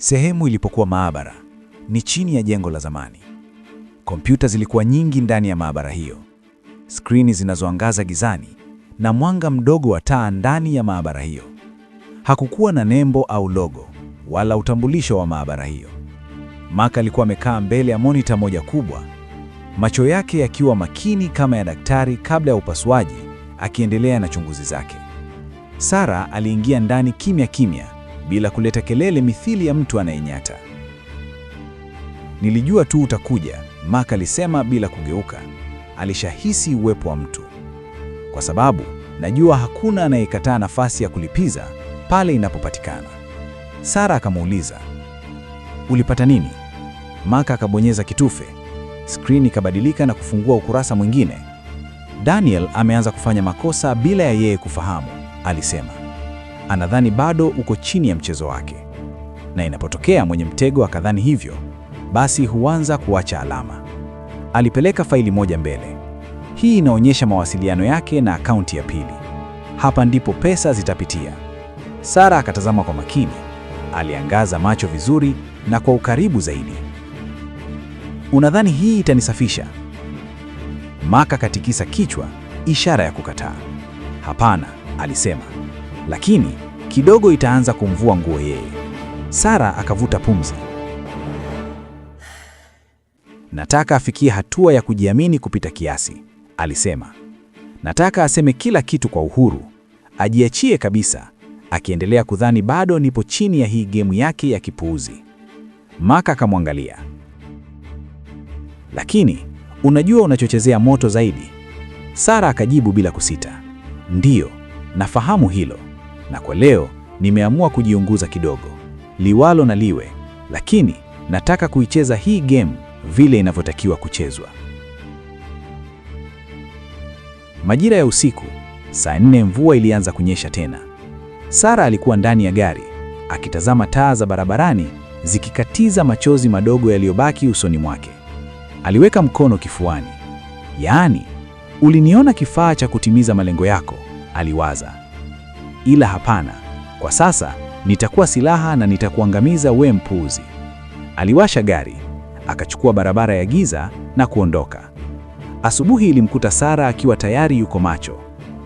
Sehemu ilipokuwa maabara ni chini ya jengo la zamani. Kompyuta zilikuwa nyingi ndani ya maabara hiyo, skrini zinazoangaza gizani na mwanga mdogo wa taa ndani ya maabara hiyo. Hakukuwa na nembo au logo wala utambulisho wa maabara hiyo. Mark alikuwa amekaa mbele ya monita moja kubwa, macho yake yakiwa makini kama ya daktari kabla ya upasuaji, akiendelea na chunguzi zake. Sara aliingia ndani kimya kimya bila kuleta kelele mithili ya mtu anayenyata. Nilijua tu utakuja, Mark alisema bila kugeuka. Alishahisi uwepo wa mtu, kwa sababu najua hakuna anayekataa nafasi ya kulipiza pale inapopatikana. Sara akamuuliza, ulipata nini? Mark akabonyeza kitufe, skrini ikabadilika na kufungua ukurasa mwingine. Daniel ameanza kufanya makosa bila ya yeye kufahamu, alisema anadhani bado uko chini ya mchezo wake, na inapotokea mwenye mtego akadhani hivyo, basi huanza kuacha alama. Alipeleka faili moja mbele. Hii inaonyesha mawasiliano yake na akaunti ya pili. Hapa ndipo pesa zitapitia. Sara akatazama kwa makini, aliangaza macho vizuri na kwa ukaribu zaidi. Unadhani hii itanisafisha? Maka katikisa kichwa, ishara ya kukataa. Hapana, alisema lakini kidogo itaanza kumvua nguo yeye. Sara akavuta pumzi. Nataka afikie hatua ya kujiamini kupita kiasi, alisema. Nataka aseme kila kitu kwa uhuru, ajiachie kabisa, akiendelea kudhani bado nipo chini ya hii gemu yake ya kipuuzi. Maka akamwangalia. Lakini unajua unachochezea moto zaidi. Sara akajibu bila kusita, ndiyo, nafahamu hilo na kwa leo nimeamua kujiunguza kidogo, liwalo na liwe, lakini nataka kuicheza hii game vile inavyotakiwa kuchezwa. Majira ya usiku saa nne, mvua ilianza kunyesha tena. Sara alikuwa ndani ya gari akitazama taa za barabarani zikikatiza machozi madogo yaliyobaki usoni mwake. Aliweka mkono kifuani. Yaani, uliniona kifaa cha kutimiza malengo yako, aliwaza ila hapana, kwa sasa nitakuwa silaha na nitakuangamiza we mpuuzi. Aliwasha gari akachukua barabara ya giza na kuondoka. Asubuhi ilimkuta Sara akiwa tayari yuko macho,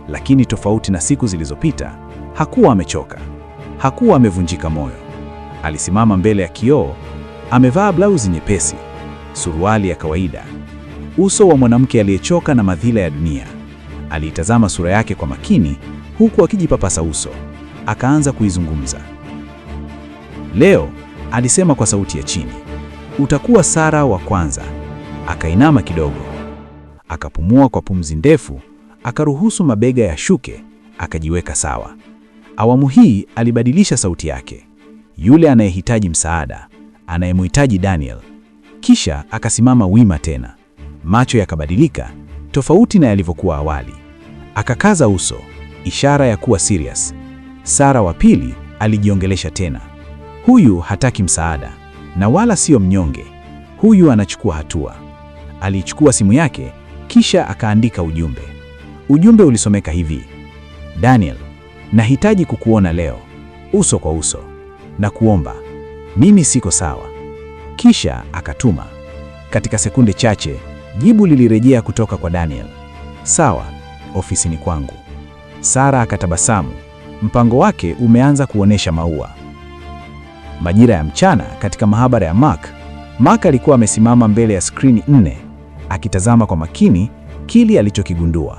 lakini tofauti na siku zilizopita, hakuwa amechoka, hakuwa amevunjika moyo. Alisimama mbele ya kioo, amevaa blauzi nyepesi, suruali ya kawaida, uso wa mwanamke aliyechoka na madhila ya dunia. Aliitazama sura yake kwa makini, huku akijipapasa uso. Akaanza kuizungumza. Leo alisema kwa sauti ya chini, utakuwa Sara wa kwanza. Akainama kidogo, akapumua kwa pumzi ndefu, akaruhusu mabega yashuke, akajiweka sawa. Awamu hii alibadilisha sauti yake, yule anayehitaji msaada, anayemhitaji Daniel. Kisha akasimama wima tena, macho yakabadilika, tofauti na yalivyokuwa awali. Akakaza uso ishara ya kuwa serious. Sara wa pili alijiongelesha tena. Huyu hataki msaada na wala sio mnyonge. Huyu anachukua hatua. Alichukua simu yake kisha akaandika ujumbe. Ujumbe ulisomeka hivi: Daniel, nahitaji kukuona leo uso kwa uso na kuomba, mimi siko sawa. Kisha akatuma. Katika sekunde chache jibu lilirejea kutoka kwa Daniel: sawa, ofisini kwangu. Sara akatabasamu. Mpango wake umeanza kuonesha maua. Majira ya mchana katika mahabara ya Mark, Mark alikuwa amesimama mbele ya skrini nne akitazama kwa makini kile alichokigundua,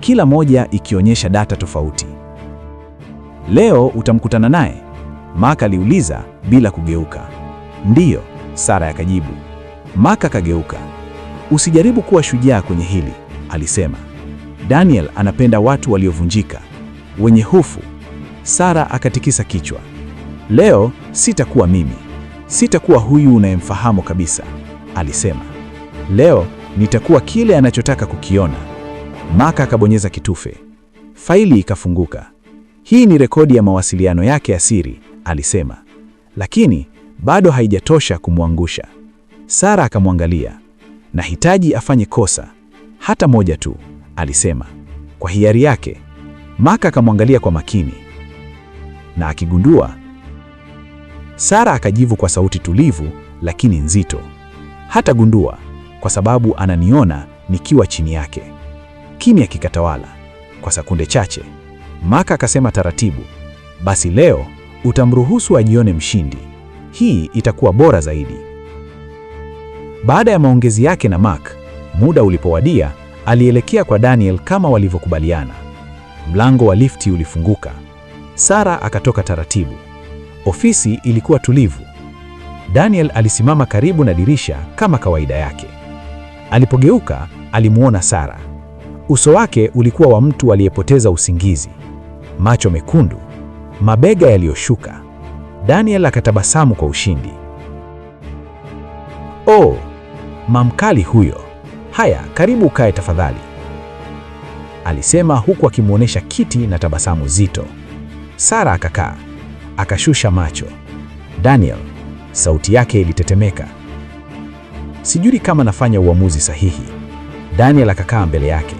kila moja ikionyesha data tofauti. Leo utamkutana naye? Mark aliuliza bila kugeuka. Ndiyo, Sara akajibu. Mark akageuka. Usijaribu kuwa shujaa kwenye hili, alisema. Daniel anapenda watu waliovunjika, wenye hofu. Sara akatikisa kichwa. Leo sitakuwa mimi, sitakuwa huyu unayemfahamu kabisa, alisema. Leo nitakuwa kile anachotaka kukiona. Maka akabonyeza kitufe, faili ikafunguka. Hii ni rekodi ya mawasiliano yake ya siri, alisema, lakini bado haijatosha kumwangusha. Sara akamwangalia, nahitaji afanye kosa hata moja tu alisema kwa hiari yake. Maka akamwangalia kwa makini na akigundua. Sara akajivu kwa sauti tulivu lakini nzito, hata gundua kwa sababu ananiona nikiwa chini yake. Kimya kikatawala kwa sekunde chache. Maka akasema taratibu, basi leo utamruhusu ajione mshindi, hii itakuwa bora zaidi. Baada ya maongezi yake na Mark, muda ulipowadia alielekea kwa Daniel kama walivyokubaliana. Mlango wa lifti ulifunguka, Sara akatoka taratibu. Ofisi ilikuwa tulivu. Daniel alisimama karibu na dirisha kama kawaida yake. Alipogeuka alimwona Sara. Uso wake ulikuwa wa mtu aliyepoteza usingizi, macho mekundu, mabega yaliyoshuka. Daniel akatabasamu kwa ushindi. Oh, mamkali huyo! Haya, karibu ukae tafadhali, alisema huku akimwonyesha kiti na tabasamu zito. Sara akakaa, akashusha macho. Daniel, sauti yake ilitetemeka. Sijui kama nafanya uamuzi sahihi. Daniel akakaa mbele yake.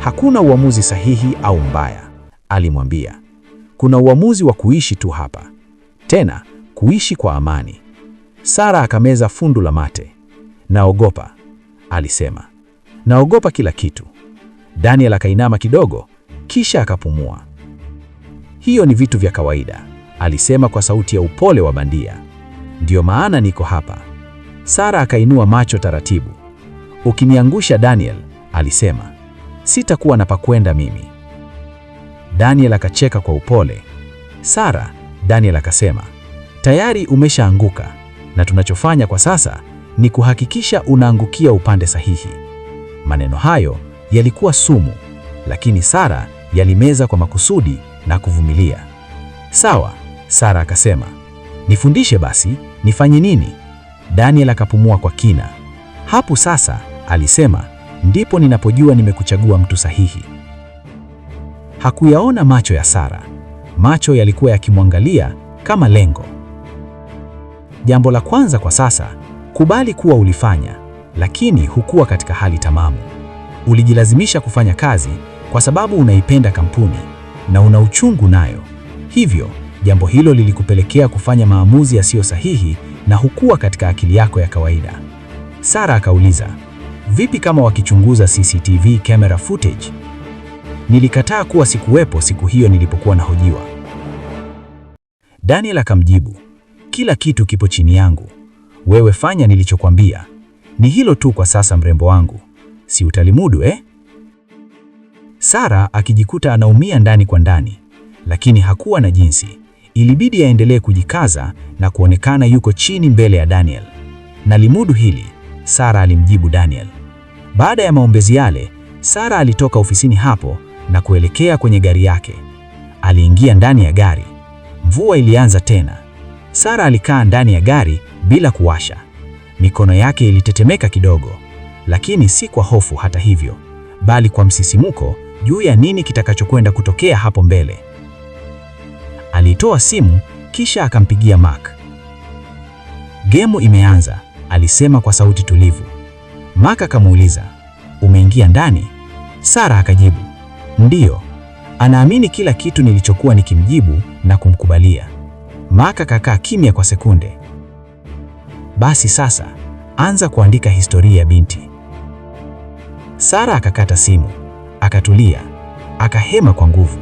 Hakuna uamuzi sahihi au mbaya, alimwambia. Kuna uamuzi wa kuishi tu hapa, tena kuishi kwa amani. Sara akameza fundu la mate. Naogopa, alisema. Naogopa kila kitu. Daniel akainama kidogo, kisha akapumua. Hiyo ni vitu vya kawaida, alisema kwa sauti ya upole wa bandia. Ndiyo maana niko hapa. Sara akainua macho taratibu. Ukiniangusha Daniel, alisema, sitakuwa na pakwenda mimi. Daniel akacheka kwa upole. Sara, Daniel akasema, tayari umeshaanguka na tunachofanya kwa sasa ni kuhakikisha unaangukia upande sahihi. Maneno hayo yalikuwa sumu, lakini Sara yalimeza kwa makusudi na kuvumilia. Sawa, Sara akasema, nifundishe basi, nifanye nini? Daniel akapumua kwa kina. Hapo sasa, alisema, ndipo ninapojua nimekuchagua mtu sahihi. Hakuyaona macho ya Sara. Macho yalikuwa yakimwangalia kama lengo. Jambo la kwanza kwa sasa Kubali kuwa ulifanya, lakini hukuwa katika hali tamamu. Ulijilazimisha kufanya kazi kwa sababu unaipenda kampuni na una uchungu nayo, hivyo jambo hilo lilikupelekea kufanya maamuzi yasiyo sahihi na hukuwa katika akili yako ya kawaida. Sara akauliza, vipi kama wakichunguza CCTV camera footage? Nilikataa kuwa sikuwepo siku hiyo nilipokuwa nahojiwa. Daniel akamjibu, kila kitu kipo chini yangu. Wewe fanya nilichokwambia. Ni hilo tu kwa sasa, mrembo wangu, si utalimudu eh? Sara akijikuta anaumia ndani kwa ndani, lakini hakuwa na jinsi. Ilibidi aendelee kujikaza na kuonekana yuko chini mbele ya Daniel. Nalimudu hili, Sara alimjibu Daniel. Baada ya maombezi yale, Sara alitoka ofisini hapo na kuelekea kwenye gari yake. Aliingia ndani ya gari. Mvua ilianza tena. Sara alikaa ndani ya gari bila kuwasha. Mikono yake ilitetemeka kidogo, lakini si kwa hofu hata hivyo, bali kwa msisimuko juu ya nini kitakachokwenda kutokea hapo mbele. Alitoa simu kisha akampigia Mark. Gemu imeanza, alisema kwa sauti tulivu. Mark akamuuliza, umeingia ndani? Sara akajibu, ndiyo. Anaamini kila kitu nilichokuwa nikimjibu na kumkubalia. Maka kakaa kimya kwa sekunde. Basi sasa, anza kuandika historia ya binti. Sara akakata simu, akatulia, akahema kwa nguvu.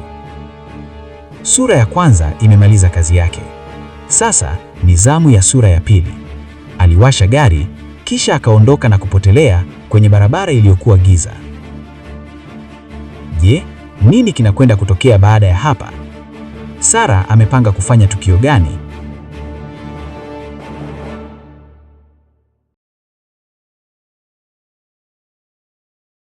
Sura ya kwanza imemaliza kazi yake. Sasa ni zamu ya sura ya pili. Aliwasha gari kisha akaondoka na kupotelea kwenye barabara iliyokuwa giza. Je, nini kinakwenda kutokea baada ya hapa? Sara amepanga kufanya tukio gani